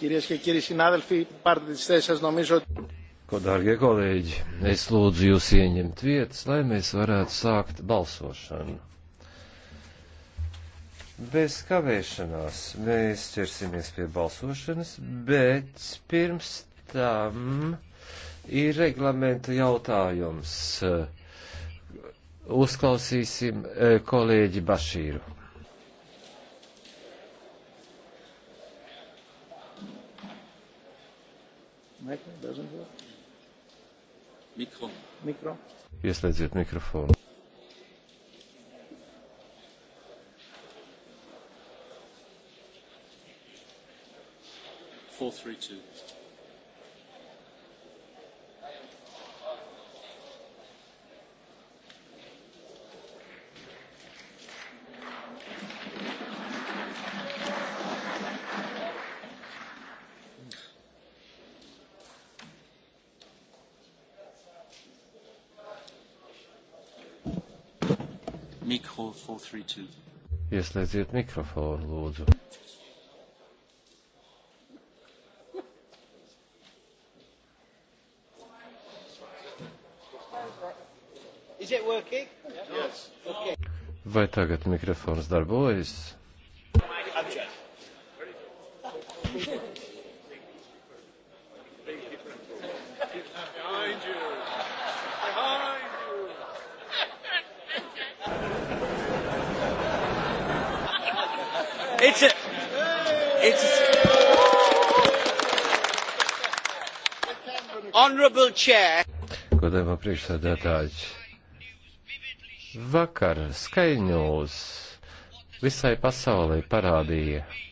Κυρίες και κύριοι συνάδελφοι, πάρτε τις θέσεις σας. Νομίζω ότι... Ko, dārgie kolēģi, es lūdzu jūs ieņemt vietas, lai mēs varētu sākt balsošanu. Bez kavēšanās mēs ķersimies pie balsošanas, bet pirms tam ir reglamenta jautājums. Uzklausīsim eh, kolēģi Bašīru. Mikro. Mikro. Ieslēdziet mikrofonu. Four, three, two. Mikro 432. Ieslēdziet mikrofonu, lūdzu. Vai tagad mikrofons darbojas? Behind you. It's a, it's a, honorable chair. Godējumā priekšsēdētāji. Vakar skaņos visai pasaulē parādīja,